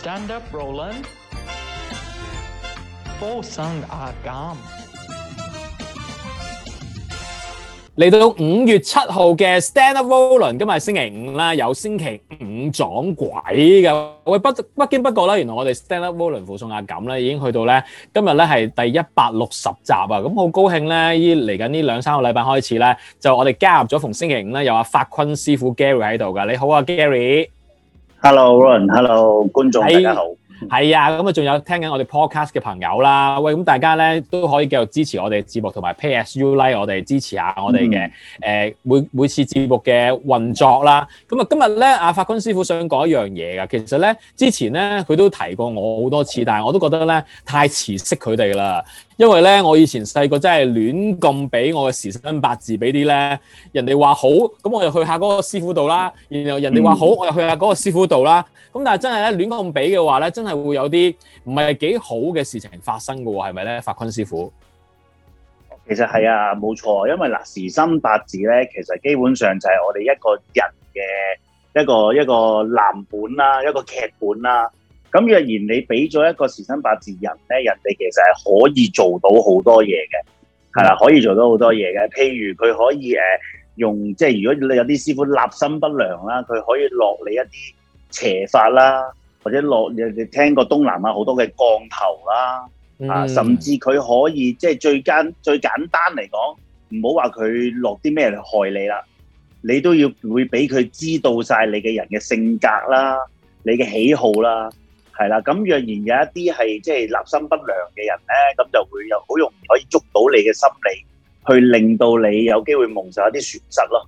Stand Up Roland，附送阿感。嚟到五月七號嘅 Stand Up Roland，今日係星期五啦，有星期五撞鬼嘅。喂，不不經不覺啦，原來我哋 Stand Up Roland 附送阿感咧，已經去到咧今日咧係第一百六十集啊！咁好高興咧，依嚟緊呢兩三個禮拜開始咧，就我哋加入咗逢星期五咧，有阿法坤師傅 Gary 喺度噶。你好啊，Gary。Hello，Ron，Hello Hello、嗯、觀眾大家好，係啊，咁啊，仲有聽緊我哋 podcast 嘅朋友啦，喂，咁大家咧都可以繼續支持我哋節目，同埋 pay as you like 我哋支持下我哋嘅誒，每每次節目嘅運作啦，咁啊，今日咧阿法坤師傅想講一樣嘢噶，其實咧之前咧佢都提過我好多次，但係我都覺得咧太遲識佢哋啦。因為咧，我以前細個真係亂咁俾我嘅時辰八字俾啲咧，人哋話好，咁我就去下嗰個師傅度啦。然後人哋話好，我就去下嗰個師傅度啦。咁但係真係咧，亂咁俾嘅話咧，真係會有啲唔係幾好嘅事情發生嘅喎，係咪咧，法坤師傅？其實係啊，冇錯。因為嗱，時辰八字咧，其實基本上就係我哋一個人嘅一個一個藍本啦，一個劇本啦。咁若然你俾咗一個時辰八字人咧，人哋其實係可以做到好多嘢嘅。係啦，可以做到好多嘢嘅。譬如佢可以誒用，即係如果你有啲師傅立心不良啦，佢可以落你一啲邪法啦，或者落你聽聽過東南亞好多嘅降頭啦、嗯、啊，甚至佢可以即係最簡最簡單嚟講，唔好話佢落啲咩嚟害你啦，你都要會俾佢知道晒你嘅人嘅性格啦、嗯，你嘅喜好啦。係啦，咁若然有一啲係即係立心不良嘅人咧，咁就會又好容易可以捉到你嘅心理，去令到你有機會蒙受一啲損失咯。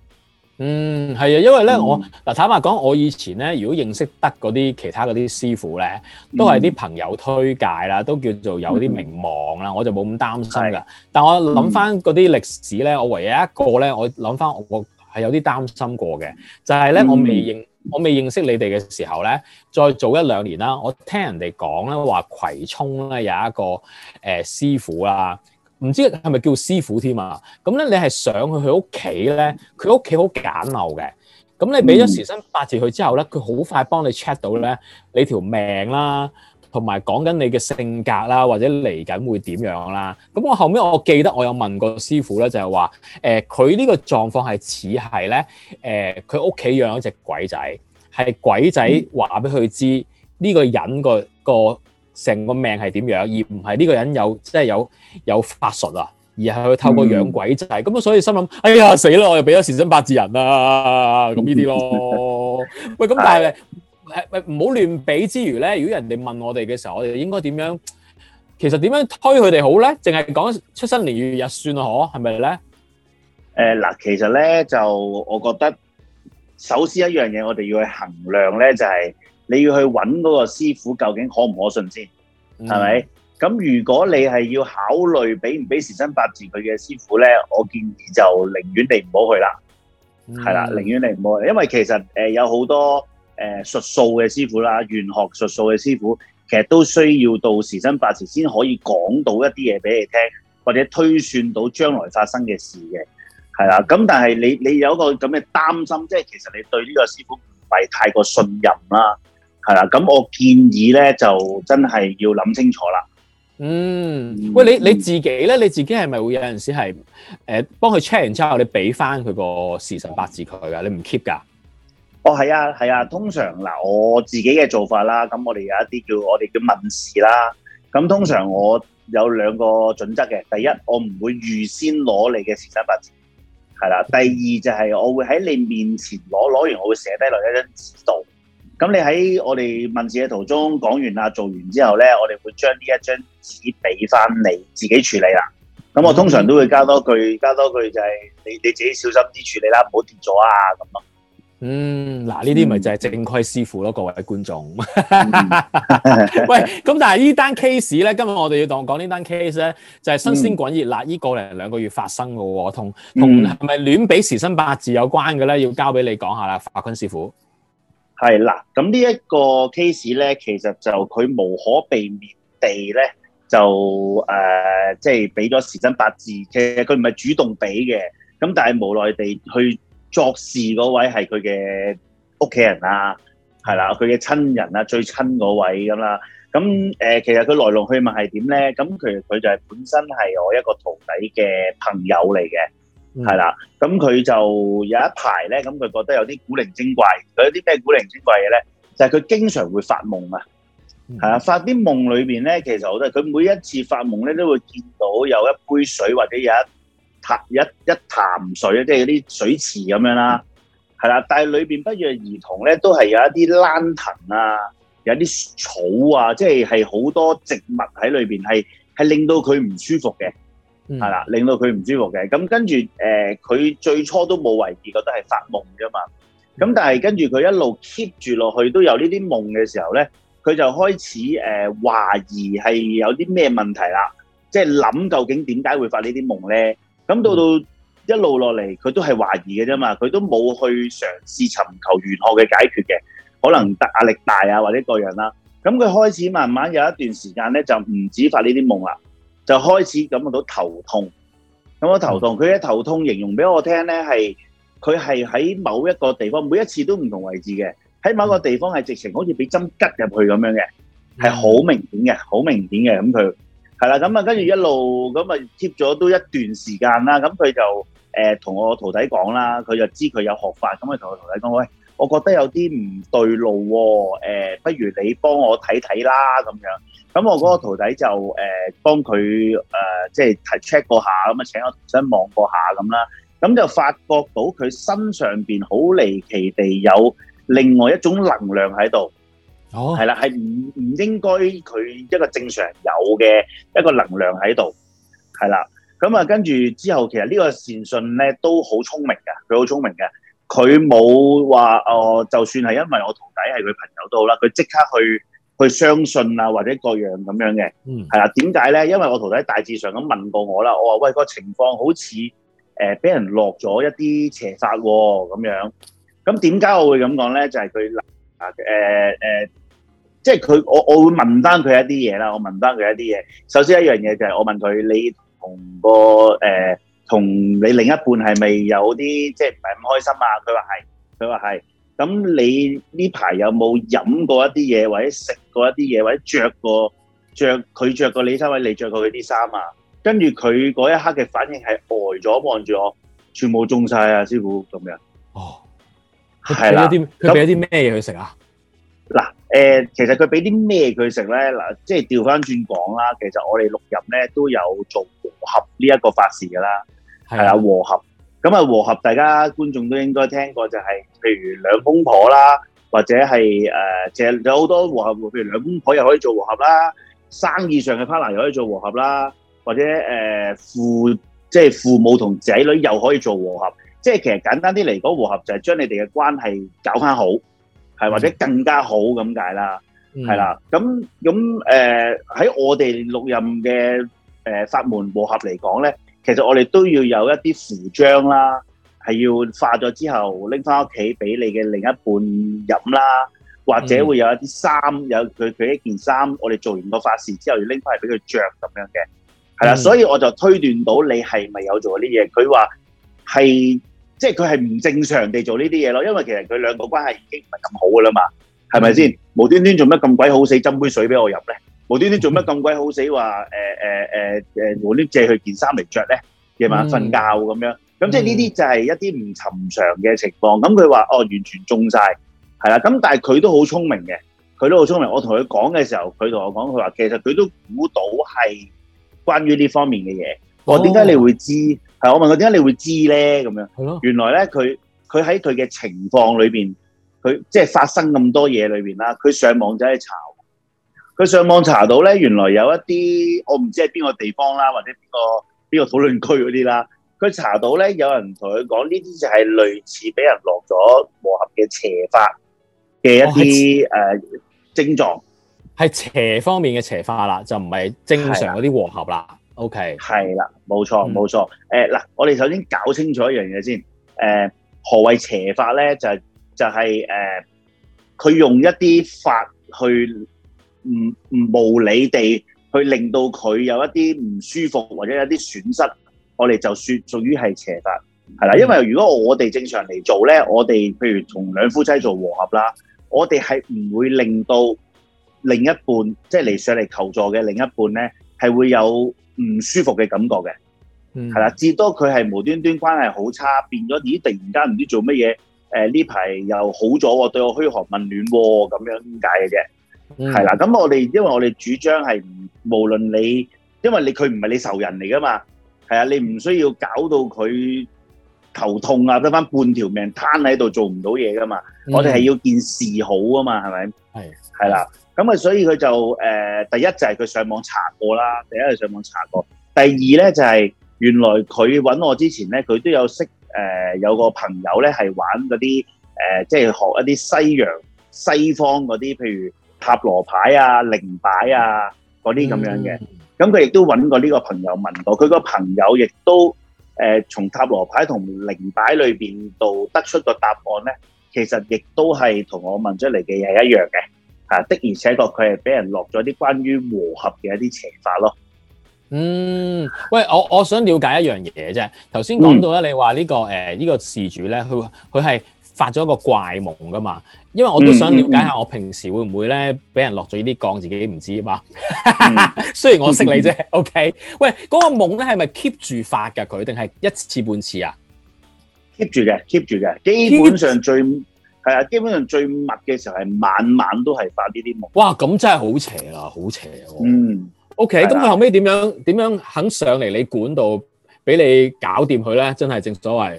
嗯，係啊，因為咧我嗱、嗯、坦白講，我以前咧如果認識得嗰啲其他嗰啲師傅咧，都係啲朋友推介啦，都叫做有啲名望啦、嗯，我就冇咁擔心噶。但我諗翻嗰啲歷史咧，我唯一一個咧，我諗翻我係有啲擔心過嘅，就係、是、咧我未認。嗯我未認識你哋嘅時候咧，再早一兩年啦。我聽人哋講咧話葵涌咧有一個誒、呃、師傅啦，唔知係咪叫師傅添啊？咁咧你係上去佢屋企咧，佢屋企好簡陋嘅。咁你俾咗時辰八字佢之後咧，佢好快幫你 check 到咧你條命啦。同埋講緊你嘅性格啦，或者嚟緊會點樣啦？咁我後尾我記得我有問過師傅咧，就係話誒，佢呢個狀況係似係咧誒，佢屋企養一隻鬼仔，係鬼仔話俾佢知呢個人個個成個命係點樣，而唔係呢個人有即係有有法術啊，而係佢透過養鬼仔咁啊、嗯，所以心諗哎呀死啦，我又俾咗時辰八字人啊咁呢啲咯。喂，咁但係。啊誒，唔好亂比之餘咧，如果人哋問我哋嘅時候，我哋應該點樣？其實點樣推佢哋好咧？淨係講出生年月日算咯，係咪咧？誒，嗱，其實咧就我覺得，首先一樣嘢，我哋要去衡量咧，就係你要去揾嗰個師傅究竟可唔可信先，係、嗯、咪？咁如果你係要考慮俾唔俾時辰八字佢嘅師傅咧，我建議就寧願你唔好去啦，係、嗯、啦，寧願你唔好去，因為其實誒有好多。誒、呃，術數嘅師傅啦，玄學術數嘅師傅，其實都需要到時辰八字先可以講到一啲嘢俾你聽，或者推算到將來發生嘅事嘅，係啦。咁但係你你有一個咁嘅擔心，即係其實你對呢個師傅唔係太過信任啦，係啦。咁我建議咧，就真係要諗清楚啦。嗯，喂，你你自己咧，你自己係咪會有陣時係誒，幫佢 check 完之後，你俾翻佢個時辰八字佢噶，你唔 keep 噶？哦，係啊，係啊。通常嗱，我自己嘅做法啦，咁我哋有一啲叫我哋叫問事啦。咁通常我有兩個準則嘅，第一，我唔會預先攞你嘅時辰八字；係啦、啊。第二就係我會喺你面前攞，攞完我會寫低落一張紙度。咁你喺我哋問事嘅途中講完啦，做完之後咧，我哋會將呢一張紙俾翻你自己處理啦。咁我通常都會加多句，加多句就係、是、你你自己小心啲處理啦，唔好跌咗啊咁咯。嗯，嗱，呢啲咪就係正規師傅咯，各位觀眾。嗯、 喂，咁但係呢單 case 咧，今日我哋要當講呢單 case 咧，就係、是、新鮮滾熱辣，呢個嚟兩個月發生嘅，同同係咪亂俾時辰八字有關嘅咧？要交俾你講下啦，法坤師傅。係啦，咁呢一個 case 咧，其實就佢無可避免地咧，就誒，即係俾咗時辰八字，其實佢唔係主動俾嘅，咁但係無奈地去。作事嗰位係佢嘅屋企人啦，係啦，佢嘅親人啦，最親嗰位咁啦。咁誒，其實佢來龍去脈係點咧？咁佢佢就係本身係我一個徒弟嘅朋友嚟嘅，係啦。咁佢就有一排咧，咁佢覺得有啲古靈精怪。佢有啲咩古靈精怪嘅咧？就係佢經常會發夢啊，係啊，發啲夢裏面咧，其實我都佢每一次發夢咧，都會見到有一杯水或者有一。一一潭水啊，即係啲水池咁樣啦，係、嗯、啦。但係裏邊不約而同咧，都係有一啲爛藤啊，有啲草啊，即係係好多植物喺裏邊，係係令到佢唔舒服嘅，係、嗯、啦，令到佢唔舒服嘅。咁跟住，誒、呃，佢最初都冇為意，覺得係發夢噶嘛。咁、嗯、但係跟住佢一路 keep 住落去，都有呢啲夢嘅時候咧，佢就開始誒、呃、懷疑係有啲咩問題啦，即係諗究竟點解會發呢啲夢咧？咁到到一路落嚟，佢都係懷疑嘅啫嘛，佢都冇去嘗試尋求玄學嘅解決嘅，可能壓力大啊，或者各樣啦。咁佢開始慢慢有一段時間咧，就唔止發呢啲夢啦，就開始感覺到頭痛。咁我頭痛，佢嘅頭痛形容俾我聽咧，係佢係喺某一個地方，每一次都唔同位置嘅，喺某一個地方係直情好似俾針吉入去咁樣嘅，係好明顯嘅，好明顯嘅咁佢。係啦，咁啊，跟住一路咁啊，貼咗都一段時間啦。咁佢就誒同、呃、我徒弟講啦，佢就知佢有學法，咁佢同我徒弟講，喂，我覺得有啲唔對路喎、呃，不如你幫我睇睇啦咁樣。咁我嗰個徒弟就誒幫佢誒，即係提 check 過下，咁啊請我重新望過下咁啦。咁就發覺到佢身上邊好離奇地有另外一種能量喺度。哦，係啦，係唔唔應該佢一個正常有嘅一個能量喺度，係啦。咁啊，跟住之後，其實呢個善信咧都好聰明嘅，佢好聰明嘅，佢冇話哦，就算係因為我徒弟係佢朋友都好啦，佢即刻去去相信啊，或者各樣咁樣嘅。嗯，係啦。點解咧？因為我徒弟大致上咁問過我啦，我話喂，個情況好似誒俾人落咗一啲邪法喎咁樣。咁點解我會咁講咧？就係佢啊誒誒。呃呃即係佢，我我會問翻佢一啲嘢啦。我問翻佢一啲嘢。首先一樣嘢就係我問佢：你同個誒、呃，同你另一半係咪有啲即係唔係咁開心啊？佢話係，佢話係。咁你呢排有冇飲過一啲嘢，或者食過一啲嘢，或者着過著佢着過你衫，或者你着過佢啲衫啊？跟住佢嗰一刻嘅反應係呆咗望住我，全部中晒啊！師傅咁樣哦，係啦，佢俾咗啲咩嘢去食啊？嗱，誒，其實佢俾啲咩佢食咧？嗱，即係調翻轉講啦，其實我哋六人咧都有做和合呢一個法事噶啦，係啊，和合咁啊，和合大家觀眾都應該聽過，就係、是、譬如兩公婆啦，或者係誒，其實、呃、有好多和合，譬如兩公婆又可以做和合啦，生意上嘅 partner 又可以做和合啦，或者誒、呃、父即係、就是、父母同仔女又可以做和合，即係其實簡單啲嚟講，和合就係將你哋嘅關係搞翻好。係或者更加好咁解啦，係、嗯、啦，咁咁喺我哋六任嘅法門和合嚟講咧，其實我哋都要有一啲符章啦，係要化咗之後拎翻屋企俾你嘅另一半飲啦，或者會有一啲衫、嗯，有佢佢一件衫，我哋做完個法事之後要拎翻嚟俾佢着咁樣嘅，係啦、嗯，所以我就推斷到你係咪有做啲嘢？佢話係。即係佢係唔正常地做呢啲嘢咯，因為其實佢兩個關係已經唔係咁好噶啦嘛，係咪先？無端端做乜咁鬼好死，斟杯水俾我飲咧？無端端做乜咁鬼好死？話誒誒誒誒，我、呃、啲、呃、借佢件衫嚟着咧，夜晚瞓覺咁樣。咁即係呢啲就係一啲唔尋常嘅情況。咁佢話哦，完全中晒，係啦。咁但係佢都好聰明嘅，佢都好聰明。我同佢講嘅時候，佢同我講，佢話其實佢都估到係關於呢方面嘅嘢。我，點解你會知？係我問佢點解你會知咧？咁樣，原來咧佢佢喺佢嘅情況裏邊，佢即係發生咁多嘢裏邊啦。佢上網就係查，佢上網查到咧，原來有一啲我唔知係邊個地方啦，或者邊個邊個討論區嗰啲啦。佢查到咧，有人同佢講呢啲就係類似俾人落咗和合嘅邪法嘅一啲誒、哦呃、症狀，係邪方面嘅邪法啦，就唔係正常嗰啲和合啦。OK，係啦，冇錯冇錯。誒、嗯、嗱、呃，我哋首先搞清楚一樣嘢先。誒、呃，何謂邪法咧？就就係、是、誒，佢、呃、用一啲法去唔唔無理地去令到佢有一啲唔舒服或者有啲損失，我哋就說屬於係邪法，係啦。因為如果我哋正常嚟做咧，我哋譬如同兩夫妻做和合啦，我哋係唔會令到另一半即係嚟上嚟求助嘅另一半咧。係會有唔舒服嘅感覺嘅，嗯，係啦，至多佢係無端端關係好差，變咗咦，突然間唔知做乜嘢，誒呢排又好咗喎，我對我噓寒問暖喎、哦，咁樣點解嘅啫？係、嗯、啦，咁我哋因為我哋主張係無論你，因為你佢唔係你仇人嚟㗎嘛，係啊，你唔需要搞到佢頭痛啊，得返半條命攤喺度做唔到嘢㗎嘛，嗯、我哋係要件事好啊嘛，係咪？係係啦。咁啊，所以佢就誒第一就係佢上網查過啦，第一佢上網查過；第二咧就係原來佢揾我之前咧，佢都有識誒、呃、有個朋友咧係玩嗰啲誒，即、呃、係、就是、學一啲西洋西方嗰啲，譬如塔羅牌啊、靈擺啊嗰啲咁樣嘅。咁佢亦都揾過呢個朋友問過佢個朋友亦都誒從、呃、塔羅牌同靈擺裏邊度得出個答案咧，其實亦都係同我問出嚟嘅嘢係一樣嘅。啊，的而且確佢係俾人落咗啲關於和合嘅一啲邪法咯。嗯，喂，我我想了解一樣嘢啫。頭先講到啦、呢個，你話呢個誒呢個事主咧，佢佢係發咗一個怪夢噶嘛？因為我都想了解下，我平時會唔會咧俾人落咗呢啲降，自己唔知啊嘛。嗯、 雖然我識你啫、嗯，OK？喂，嗰、嗰個夢咧係咪 keep 住發噶佢，定係一次半次啊？keep 住嘅，keep 住嘅，基本上最。係啊，基本上最密嘅時候係晚晚都係發呢啲夢。哇，咁真係好邪啊，好邪，嗯，OK，咁佢後尾點樣點樣肯上嚟你館度俾你搞掂佢咧？真係正所謂。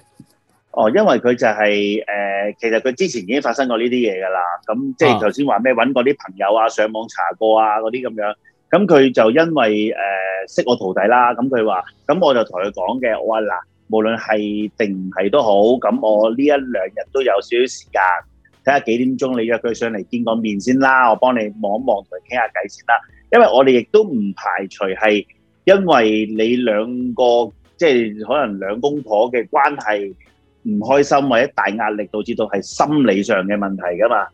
哦，因為佢就係、是、誒、呃，其實佢之前已經發生過呢啲嘢㗎啦。咁即係頭先話咩揾過啲朋友啊，上網查過啊嗰啲咁樣。咁佢就因為誒、呃、識我徒弟啦，咁佢話咁我就同佢講嘅，我話啦。無論係定唔係都好，咁我呢一兩日都有少少時間，睇下幾點鐘你約佢上嚟見個面先啦，我幫你望一望同你傾下偈先啦。因為我哋亦都唔排除係因為你兩個即係可能兩公婆嘅關係唔開心或者大壓力導致到係心理上嘅問題㗎嘛，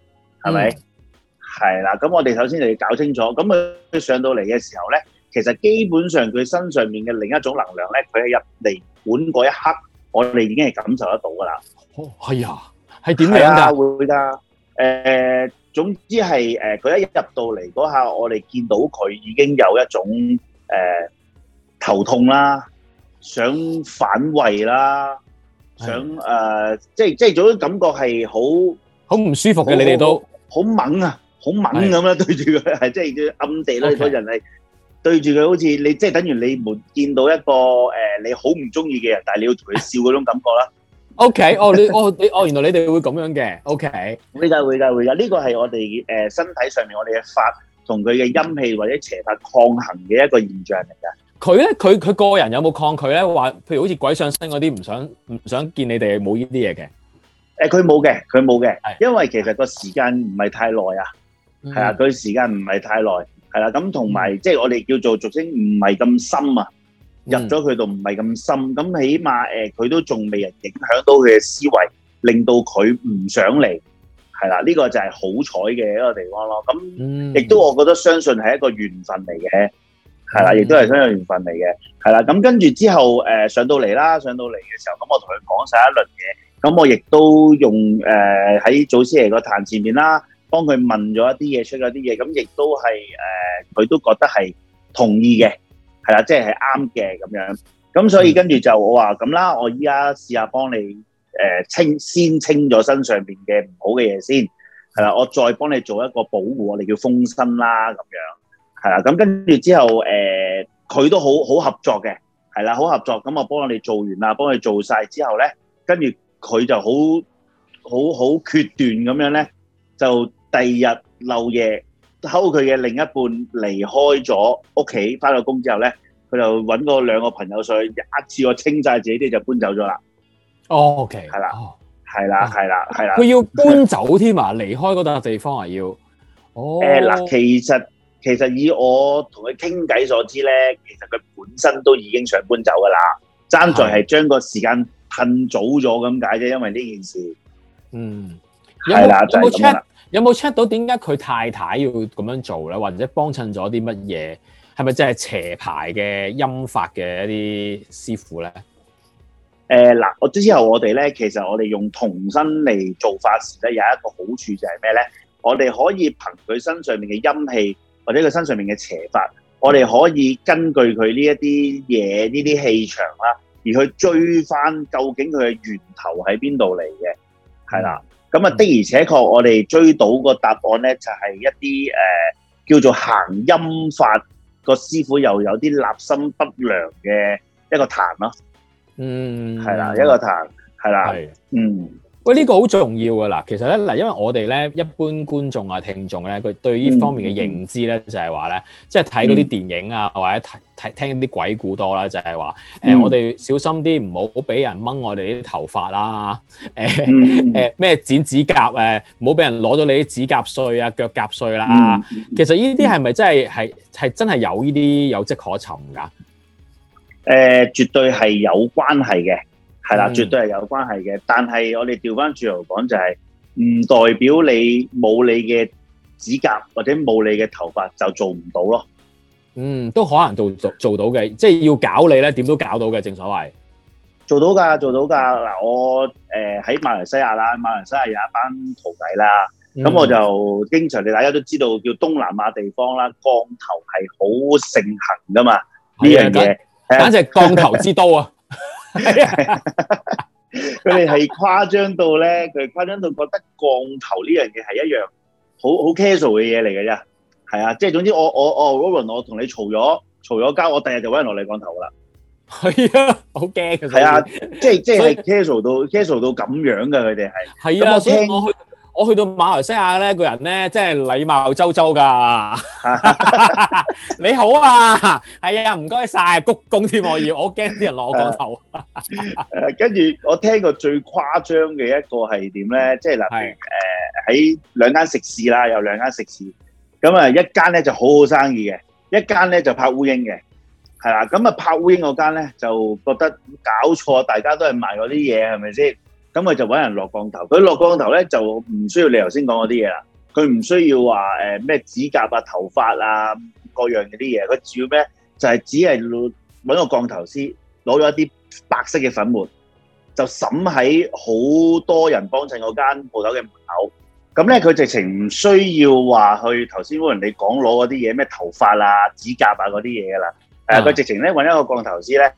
係咪？係啦，咁我哋首先就要搞清楚，咁佢上到嚟嘅時候咧。其實基本上佢身上面嘅另一種能量咧，佢係入嚟管嗰一刻，我哋已經係感受得到噶啦。哦，係、哎、啊，係點樣噶？係啊，會噶。誒、呃，總之係誒，佢、呃、一入到嚟嗰下，我哋見到佢已經有一種誒、呃、頭痛啦，想反胃啦，想誒、哎呃，即係即係，總之感覺係好好唔舒服嘅。你哋都好猛啊，好猛咁啦、哎，對住佢係，即係啲暗地咧，對、okay、人係。對住佢好似你，即係等於你冇見到一個誒，你好唔中意嘅人，但係你要同佢笑嗰種感覺啦。O K，哦你，哦你，哦原來你哋會咁樣嘅。O K，會噶，會噶，會噶。呢個係我哋誒身體上面我哋嘅發同佢嘅陰氣或者邪法抗衡嘅一個現象嚟噶。佢咧，佢佢個人有冇抗拒咧？話譬如好似鬼上身嗰啲，唔想唔想見你哋冇呢啲嘢嘅。誒，佢冇嘅，佢冇嘅，因為其實個時間唔係太耐啊，係啊，佢時間唔係太耐。係啦，咁同埋即係我哋叫做俗稱唔係咁深啊、嗯，入咗佢度唔係咁深，咁起碼誒佢都仲未人影響到佢嘅思維，令到佢唔想嚟，係啦，呢、這個就係好彩嘅一個地方咯。咁亦、嗯、都我覺得、嗯、相信係一個緣分嚟嘅，係啦，亦都係相信緣分嚟嘅，係啦。咁跟住之後誒上到嚟啦，上到嚟嘅時候，咁我同佢講晒一輪嘢，咁我亦都用誒喺、呃、祖師爺個壇前面啦。幫佢問咗一啲嘢，出咗啲嘢，咁亦都係誒，佢都覺得係同意嘅，係啦，即係啱嘅咁樣。咁所以跟住就我話咁啦，我依家試下幫你誒清先，清咗身上邊嘅唔好嘅嘢先，係啦，我再幫你做一個保護，我哋叫封身啦咁樣，係啦。咁跟住之後誒，佢都好好合作嘅，係啦，好合作。咁我幫我哋做完啦，幫佢做晒之後咧，跟住佢就好好好決斷咁樣咧，就。第二日漏夜偷佢嘅另一半離開咗屋企，翻到工之後咧，佢就揾個兩個朋友上去一次，我清晒自己啲就搬走咗啦。哦、oh，OK，係啦，係、oh. 啦，係啦，係啦，佢、啊、要搬走添啊，離開嗰笪地方啊，要。誒，嗱，其實其實以我同佢傾偈所知咧，其實佢本身都已經想搬走噶啦，爭在係將個時間褪早咗咁解啫，因為呢件事。嗯，係啦，就係咁啦。有有冇 check 到點解佢太太要咁樣做咧，或者幫襯咗啲乜嘢？係咪真係邪牌嘅陰法嘅一啲師傅咧？誒、呃、嗱，我之後我哋咧，其實我哋用童身嚟做法事咧，有一個好處就係咩咧？我哋可以憑佢身上面嘅陰氣，或者佢身上面嘅邪法，我哋可以根據佢呢一啲嘢，呢啲氣場啦，而去追翻究竟佢嘅源頭喺邊度嚟嘅，係啦。咁啊的而且確，我哋追到個答案咧，就係一啲誒叫做行陰法個師傅又有啲立心不良嘅一個壇咯。嗯，係啦，一個壇係啦，嗯。喂，呢個好重要噶啦，其實咧嗱，因為我哋咧一般觀眾啊、聽眾咧，佢對呢方面嘅認知咧、嗯，就係話咧，即係睇嗰啲電影啊，嗯、或者聽聽聽啲鬼故多，就係話嗯呃、啦，就係話誒，我哋小心啲，唔好俾人掹我哋啲頭髮啦，誒誒咩剪指甲誒，唔好俾人攞咗你啲指甲碎啊、腳甲碎啦。嗯、其實呢啲係咪真係係係真係有呢啲有跡可尋噶？誒、呃，絕對係有關係嘅。係啦，絕對係有關係嘅。但係我哋調翻轉頭講就係、是，唔代表你冇你嘅指甲或者冇你嘅頭髮就做唔到咯。嗯，都可能做做做到嘅，即係要搞你咧，點都搞到嘅。正所謂做到噶，做到噶。嗱，我誒喺、呃、馬來西亞啦，馬來西亞有一班徒弟啦。咁、嗯、我就經常你大家都知道叫東南亞地方啦，降頭係好盛行噶嘛。呢樣嘢簡直降頭之都啊！ 佢哋係誇張到咧，佢誇張到覺得降頭呢樣嘢係一樣好好 casual 嘅嘢嚟嘅啫。係啊，即係總之我，我我我，羅倫，我同你嘈咗，嘈咗交，我第日就搵人落嚟降頭噶啦。係啊，好驚噶。係啊，即係即係 casual 到 casual 到咁樣嘅，佢哋係。係啊，我去到馬來西亞咧，個人咧即係禮貌周周㗎。 你好啊，係啊，唔該晒。鞠躬添，我要我驚啲人落我降頭。 跟住我聽過最誇張嘅一個係點咧？即係例如，喺、呃、兩間食肆啦，有兩間食肆。咁啊，一間咧就好好生意嘅，一間咧就拍烏蠅嘅，係啦。咁啊，拍烏蠅嗰間咧就覺得搞錯，大家都係賣嗰啲嘢，係咪先？咁佢就揾人落降頭，佢落降頭咧就唔需要你頭先講嗰啲嘢啦，佢唔需要話誒咩指甲啊、頭髮啊各樣嗰啲嘢，佢主要咩就係、是、只係揾個降頭師攞咗一啲白色嘅粉末，就抌喺好多人幫襯嗰間鋪頭嘅門口。咁咧佢直情唔需要話去頭先嗰人你講攞嗰啲嘢咩頭髮啊、指甲啊嗰啲嘢噶啦，誒佢、嗯啊、直情咧揾一個降頭師咧。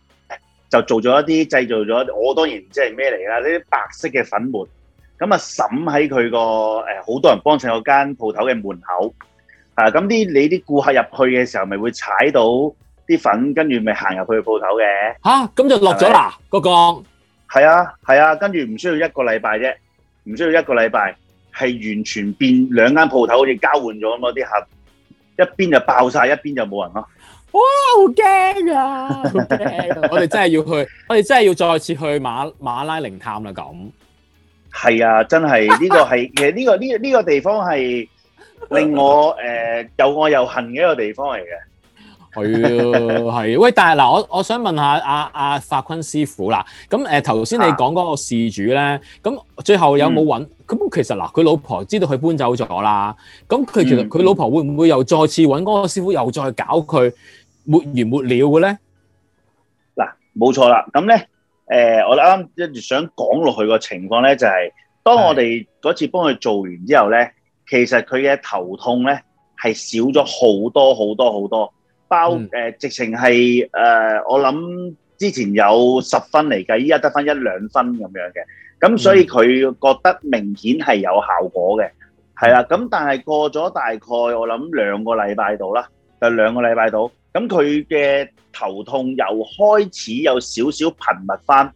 就做咗一啲製造咗，我當然唔知係咩嚟㗎。呢啲白色嘅粉末，咁啊抌喺佢個好多人幫襯嗰間鋪頭嘅門口啊。咁啲你啲顧客入去嘅時候，咪會踩到啲粉，跟住咪行入去佢鋪頭嘅。嚇、啊！咁就落咗啦，個降。係啊，係、那個、啊，跟住唔需要一個禮拜啫，唔需要一個禮拜，係完全變兩間鋪頭好似交換咗咁，啲客一邊就爆晒，一邊就冇人咯。哇，好驚啊！好驚啊 我哋真係要去，我哋真係要再次去馬馬拉靈探啦。咁係啊，真係呢、這個係其實呢個呢呢、這個這個地方係令我誒又愛又恨嘅一個地方嚟嘅。係 啊，係。喂，但係嗱，我我想問下阿阿、啊啊、法坤師傅啦。咁誒，頭先你講嗰個事主咧，咁、啊、最後有冇揾？咁、嗯、其實嗱，佢老婆知道佢搬走咗啦。咁佢其實佢、嗯嗯、老婆會唔會又再次揾嗰個師傅又再搞佢？沒完沒了嘅咧，嗱，冇錯啦。咁咧，誒，我哋啱啱跟住想講落去個情況咧、就是，就係當我哋嗰次幫佢做完之後咧，其實佢嘅頭痛咧係少咗好多好多好多，包誒、嗯呃、直情係、呃、我諗之前有十分嚟計，依家得翻一兩分咁樣嘅。咁所以佢覺得明顯係有效果嘅，係、嗯、啦。咁但係過咗大概我諗兩個禮拜度啦。就兩個禮拜到，咁佢嘅頭痛又開始有少少頻密翻，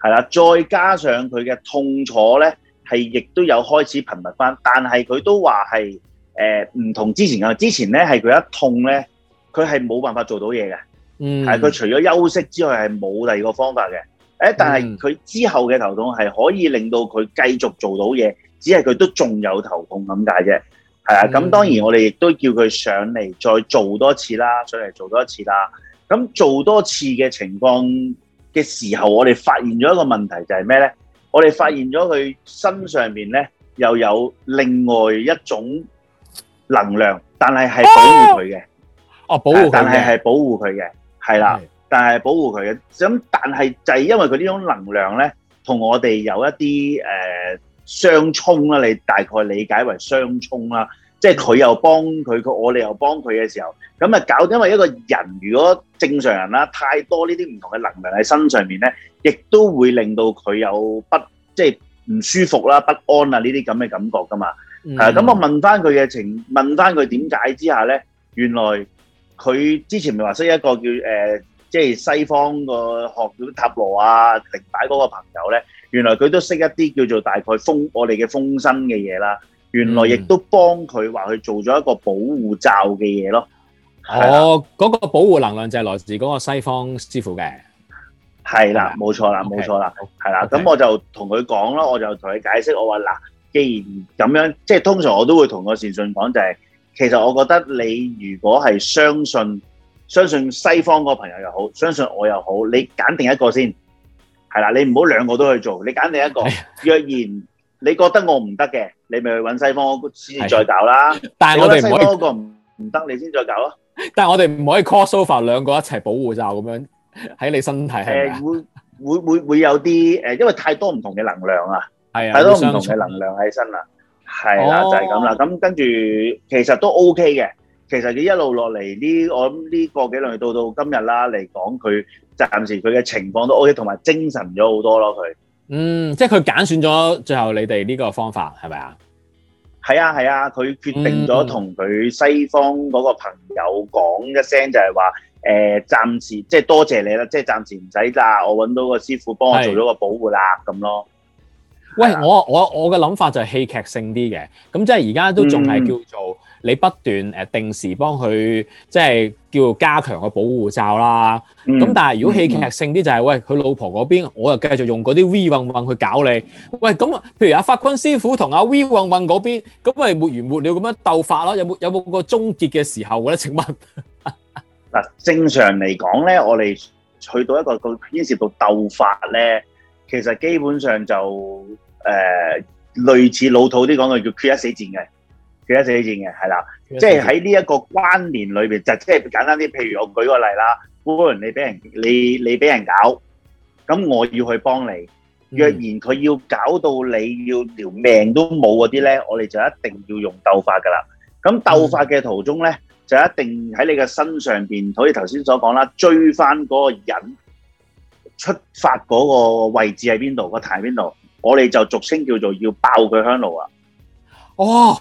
係啦，再加上佢嘅痛楚咧，係亦都有開始頻密翻，但係佢都話係誒唔同之前嘅，之前咧係佢一痛咧，佢係冇辦法做到嘢嘅，嗯、啊，係佢除咗休息之外係冇第二個方法嘅，但係佢之後嘅頭痛係可以令到佢繼續做到嘢，只係佢都仲有頭痛咁解嘅。係啊，咁當然我哋亦都叫佢上嚟再做多次啦，上嚟做多一次啦。咁做多次嘅情況嘅時候，我哋發現咗一個問題，就係咩咧？我哋發現咗佢身上邊咧又有另外一種能量，但係係保護佢嘅，哦、啊啊、保護佢，但係係保護佢嘅，係啦、啊，但係保護佢嘅。咁但係就係因為佢呢種能量咧，同我哋有一啲誒、呃相沖啦，你大概理解為相沖啦，即係佢又幫佢，佢我哋又幫佢嘅時候，咁啊搞，因為一個人如果正常人啦，太多呢啲唔同嘅能量喺身上面咧，亦都會令到佢有不即係唔舒服啦、不安啊呢啲咁嘅感覺㗎嘛。係、嗯、咁、啊、我問返佢嘅情，問返佢點解之下咧，原來佢之前咪話識一個叫誒，即、呃、係、就是、西方個學叫塔羅啊、靈擺嗰個朋友咧。原來佢都識一啲叫做大概封我哋嘅封身嘅嘢啦，原來亦都幫佢話佢做咗一個保護罩嘅嘢咯。哦，嗰、嗰個保護能量就係來自嗰個西方師傅嘅。係啦，冇錯啦，冇、okay，錯啦，係、okay，啦。咁、okay，我就同佢講咯，我就同佢解釋，我話嗱，既然咁樣，即係通常我都會同個善信講，就係、係、其實我覺得你如果係相信相信西方嗰個朋友又好，相信我又好，你揀定一個先。係啦，你唔好兩個都去做，你揀你一個。若然你覺得我唔得嘅，你咪去揾西方，我先再搞啦。但係我哋唔可以個唔唔得，你先再搞咯。但係我哋唔可以 cross over 兩個一齊保護罩咁樣喺你身體。誒會會會會有啲誒，因為太多唔同嘅能量啊，太多唔同嘅能量喺身啦。係啦，就係咁啦。咁跟住其實都 OK 嘅。其實佢一路落嚟呢，我諗呢個幾兩月到到今日啦嚟講佢。暫時佢嘅情況都 OK，同埋精神咗好多咯佢、嗯啊啊。嗯，即係佢揀選咗最後你哋呢個方法係咪啊？係啊係啊，佢決定咗同佢西方嗰個朋友講一聲，就係話誒暫時即係多謝,謝你啦，即係暫時唔使啦，我揾到個師傅幫我做咗個保護啦咁咯。喂，我我我嘅諗法就係戲劇性啲嘅，咁即係而家都仲係叫做。嗯你不斷誒定時幫佢，即、就、係、是、叫加強個保護罩啦。咁、嗯、但係如果戲劇性啲就係、是嗯、喂，佢老婆嗰邊我又繼續用嗰啲 V 混混去搞你。喂，咁啊，譬如阿法坤師傅同阿 V 混混嗰邊，咁咪沒完沒了咁樣鬥法咯？有沒有冇個終結嘅時候咧？請問嗱，正常嚟講咧，我哋去到一個個牽涉到鬥法咧，其實基本上就誒、呃、類似老土啲講句叫決一死戰嘅。幾多死戰嘅係啦，即係喺呢一個關聯裏邊，就即、是、係簡單啲。譬如我舉個例啦，可能你俾人你你俾人搞，咁我要去幫你。若然佢要搞到你、嗯、要條命都冇嗰啲咧，我哋就一定要用鬥法噶啦。咁鬥法嘅途中咧、嗯，就一定喺你嘅身上邊，好似頭先所講啦，追翻嗰個人出發嗰個位置喺邊度，個壇喺邊度，我哋就俗稱叫做要爆佢香爐啊。哦。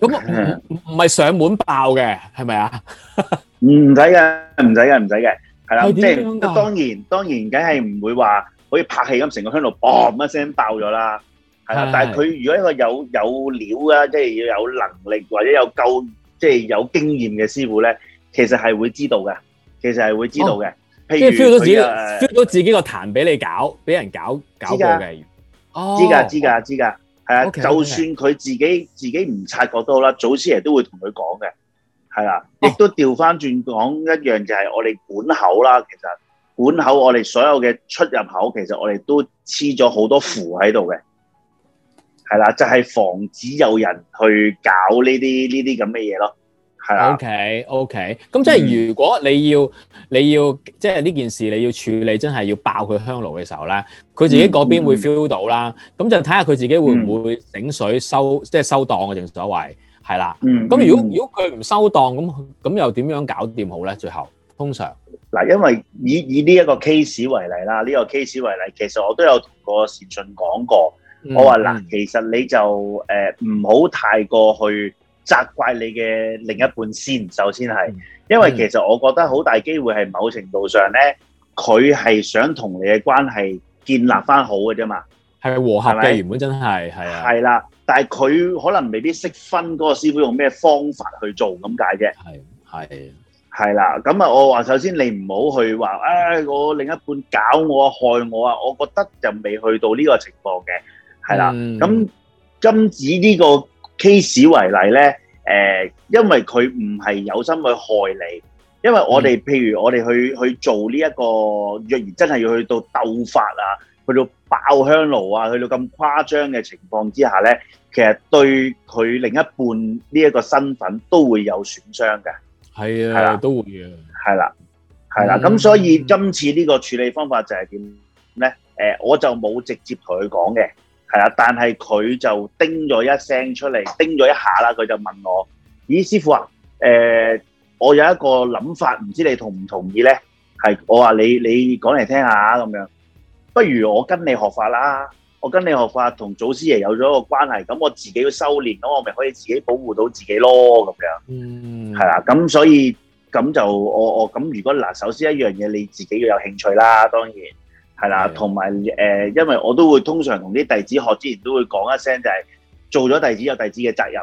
咁唔係上門爆嘅，係咪啊？唔使嘅，唔使嘅，唔使嘅，係啦。即係當然，當然，當然，梗係唔會話好似拍戲咁成個香爐嘣一聲爆咗啦。係啦，但係佢如果一個有有料啊，即係要有能力或者有夠即係、即係、有經驗嘅師傅咧，其實係會知道嘅，其實係會知道嘅、哦。譬如，feel 到自己 feel、呃、到自己個壇俾你搞，俾人搞搞過嘅，哦，知噶、哦，知噶，知噶。係啊，okay, okay. 就算佢自己自己唔察覺都好啦，祖師爺都會同佢講嘅，係啦，亦、oh. 都調翻轉講一樣就係、是、我哋管口啦。其實管口我哋所有嘅出入口，其實我哋都黐咗好多符喺度嘅，係啦，就係、是、防止有人去搞呢啲呢啲咁嘅嘢咯。O K O K，咁即係如果你要、嗯、你要即係呢件事你要處理，真係要爆佢香爐嘅時候咧，佢自己嗰邊會 feel 到啦。咁、嗯嗯、就睇下佢自己會唔會整水收，即係收檔嘅正所謂，係啦。咁如果如果佢唔收檔，咁咁、嗯、又點樣搞掂好咧？最後通常嗱，因為以以呢一個 case 為例啦，呢、呢個 case 為例，其實我都有同過善信講過，嗯、我話嗱，其實你就誒唔好太過去。責怪你嘅另一半先，首先係，因為其實我覺得好大機會係某程度上咧，佢係想同你嘅關係建立翻好嘅啫嘛，係咪和諧嘅，原本真係係啊，係啦，但係佢可能未必識分嗰個師傅用咩方法去做咁解啫，係係係啦，咁啊，我話首先你唔好去話，唉、哎，我另一半搞我啊，害我啊，我覺得就未去到呢個情況嘅，係啦，咁今次呢個。case 為例咧，誒，因為佢唔係有心去害你，因為我哋、嗯、譬如我哋去去做呢、這、一個若然真係要去到鬥法啊，去到爆香爐啊，去到咁誇張嘅情況之下咧，其實對佢另一半呢一個身份都會有損傷嘅，係啊，係啦、啊，都會嘅，係啦、啊，係啦、啊，咁、嗯、所以今次呢個處理方法就係點咧？誒，我就冇直接同佢講嘅。係啊，但係佢就叮咗一聲出嚟，叮咗一下啦。佢就問我：咦，師傅啊，誒，我有一個諗法，唔知你同唔同意咧？係我話你，你講嚟聽下咁樣。不如我跟你學法啦，我跟你學法，同祖師爺有咗個關係，咁我自己要修煉，咁我咪可以自己保護到自己咯。咁樣，嗯，係啦。咁所以咁就我我咁如果嗱，首先一樣嘢，你自己要有興趣啦，當然。係啦、啊，同埋誒，因為我都會通常同啲弟子學之前都會講一聲，就係做咗弟子有弟子嘅責任，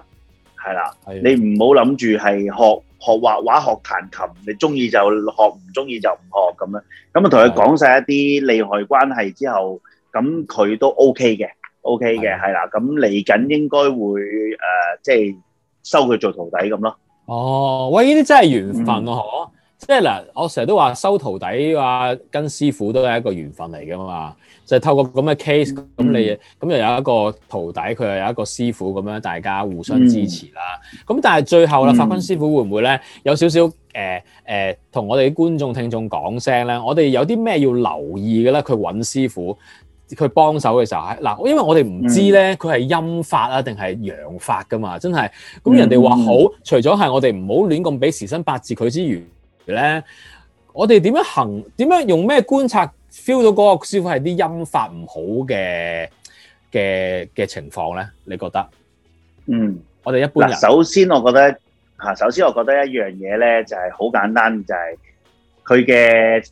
係啦、啊啊，你唔好諗住係學學畫畫、學彈琴，你中意就學，唔中意就唔學咁樣。咁啊，同佢講晒一啲利害關係之後，咁佢、啊、都 OK 嘅，OK 嘅，係啦、啊。咁嚟緊應該會誒，即、呃、係、就是、收佢做徒弟咁咯。哦，喂，呢啲真係緣分喎、啊，嗯即係嗱，我成日都話收徒弟啊，跟師傅都係一個緣分嚟噶嘛。就係、透過咁嘅 case，咁你咁又有一個徒弟，佢又有一個師傅，咁樣大家互相支持啦。咁、嗯、但係最後啦，嗯、法坤師傅會唔會咧有少少誒誒同我哋啲觀眾聽眾講聲咧？我哋有啲咩要留意嘅咧？佢揾師傅佢幫手嘅時候，嗱，因為我哋唔知咧，佢係陰法啊定係陽法噶嘛，真係。咁人哋話好，除咗係我哋唔好亂咁俾時辰八字佢之餘。咧，我哋點樣行？點樣用咩觀察 feel 到嗰個師傅係啲音法唔好嘅嘅嘅情況咧？你覺得？嗯，我哋一般首先，我覺得嚇，首先我覺得一樣嘢咧，就係好簡單，就係佢嘅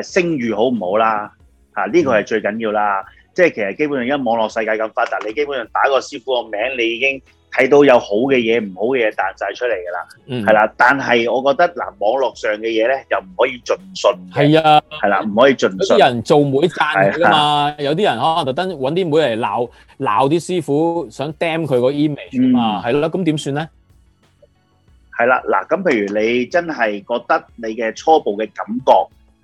誒聲譽好唔好啦。嚇，呢個係最緊要啦。即係其實基本上，而家網絡世界咁發達，你基本上打個師傅個名，你已經。睇到有好嘅嘢，唔好嘅嘢彈晒出嚟噶啦，係、嗯、啦。但係我覺得嗱、啊，網絡上嘅嘢咧，又唔可以盡信。係啊，係啦，唔可以盡信。有啲人做妹賺㗎嘛，啊、有啲人可能、啊、特登揾啲妹嚟鬧鬧啲師傅，想釘佢個 email 㗎嘛，係、嗯、咯，咁點算咧？係啦，嗱、啊，咁譬如你真係覺得你嘅初步嘅感覺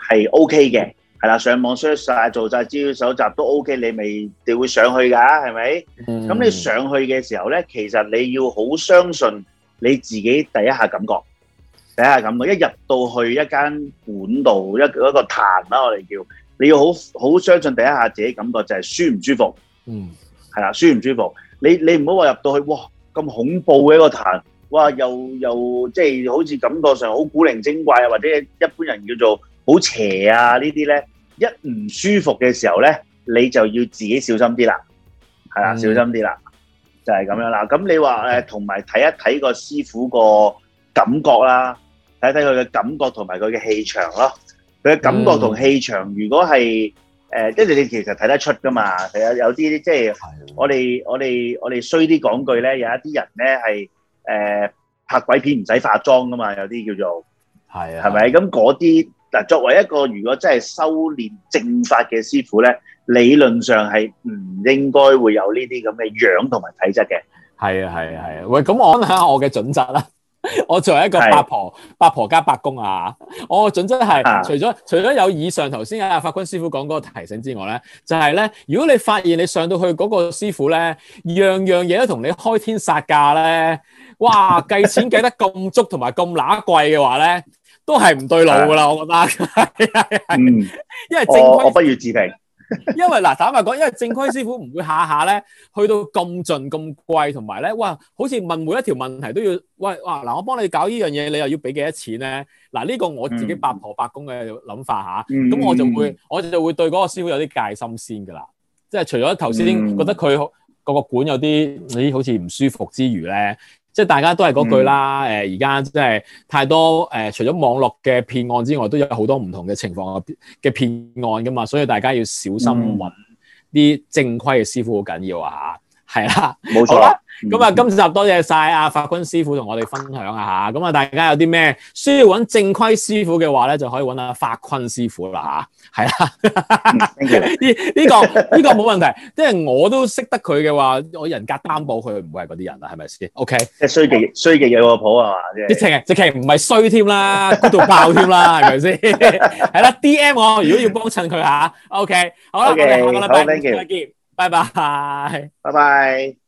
係 OK 嘅。係啦，上網 search 晒做晒資料搜集都 OK，你咪你會上去㗎，係咪？咁、嗯、你上去嘅時候咧，其實你要好相信你自己第一下感覺，第一下感覺一入到去一間館度，一一,一,一個壇啦，我哋叫你要好好相信第一下自己感覺就係舒唔舒服。嗯，係啦，舒唔舒服？你你唔好話入到去哇咁恐怖嘅一個壇，哇又又即係、就是、好似感覺上好古靈精怪，或者一般人叫做。好邪啊！這些呢啲咧一唔舒服嘅時候咧，你就要自己小心啲啦，係、嗯、啦、啊，小心啲啦，就係、是、咁樣啦。咁你話誒，同埋睇一睇個師傅個感覺啦，睇睇佢嘅感覺同埋佢嘅氣場咯。佢嘅感覺同氣場，如果係誒，即、嗯、係你哋其實睇得出噶嘛。係啊，有啲即係我哋我哋我哋衰啲講句咧，有一啲人咧係誒拍鬼片唔使化妝噶嘛，有啲叫做係啊是，係咪咁嗰啲？嗱，作為一個如果真係修練正法嘅師傅咧，理論上係唔應該會有呢啲咁嘅樣同埋體質嘅。係啊，係啊，係啊。喂，咁我諗下我嘅準則啦。我作為一個八婆、八婆加八公啊，我嘅準則係除咗除咗有以上頭先阿法坤師傅講嗰個提醒之外咧，就係、係、咧，如果你發現你上到去嗰個師傅咧，樣樣嘢都同你開天殺價咧，哇，計錢計得咁足同埋咁乸貴嘅話咧。 都係唔對路噶啦，我覺得、嗯，因為正規，我，我不如自評。 因為嗱，坦白講，因為正規師傅唔會下下咧去到咁盡咁貴，同埋咧，哇，好似問每一條問題都要，喂，哇，嗱，我幫你搞呢樣嘢，你又要俾幾多錢咧？嗱、啊，呢、呢個我自己八婆八公嘅諗法嚇，咁、嗯、我就會、嗯，我就會對嗰個師傅有啲戒心先噶啦。即、嗯、係除咗頭先覺得佢嗰、嗯、個管有啲，你好似唔舒服之餘咧。即係大家都係嗰句啦，誒而家真係太多誒，除咗網絡嘅騙案之外，都有好多唔同嘅情況嘅騙案㗎嘛，所以大家要小心搵啲、嗯、正規嘅師傅很重好緊要啊，係啦，冇錯啦。咁、嗯、啊，今次集多謝晒阿法坤師傅同我哋分享啊吓，咁啊，大家有啲咩需要揾正規師傅嘅話咧，就可以揾阿法坤師傅啦吓，係啦，呢、嗯、呢、 呢個呢、呢個冇問題，即 係我都識得佢嘅話，我人格擔保佢唔會係嗰啲人啦，係咪先？O K，衰極衰極有阿婆係嘛，直情唔係衰添啦，酷到爆添啦，係咪先？係啦，D M 我，如果要幫襯佢吓，O K，好啦，拜、okay, 拜，拜、okay, 拜。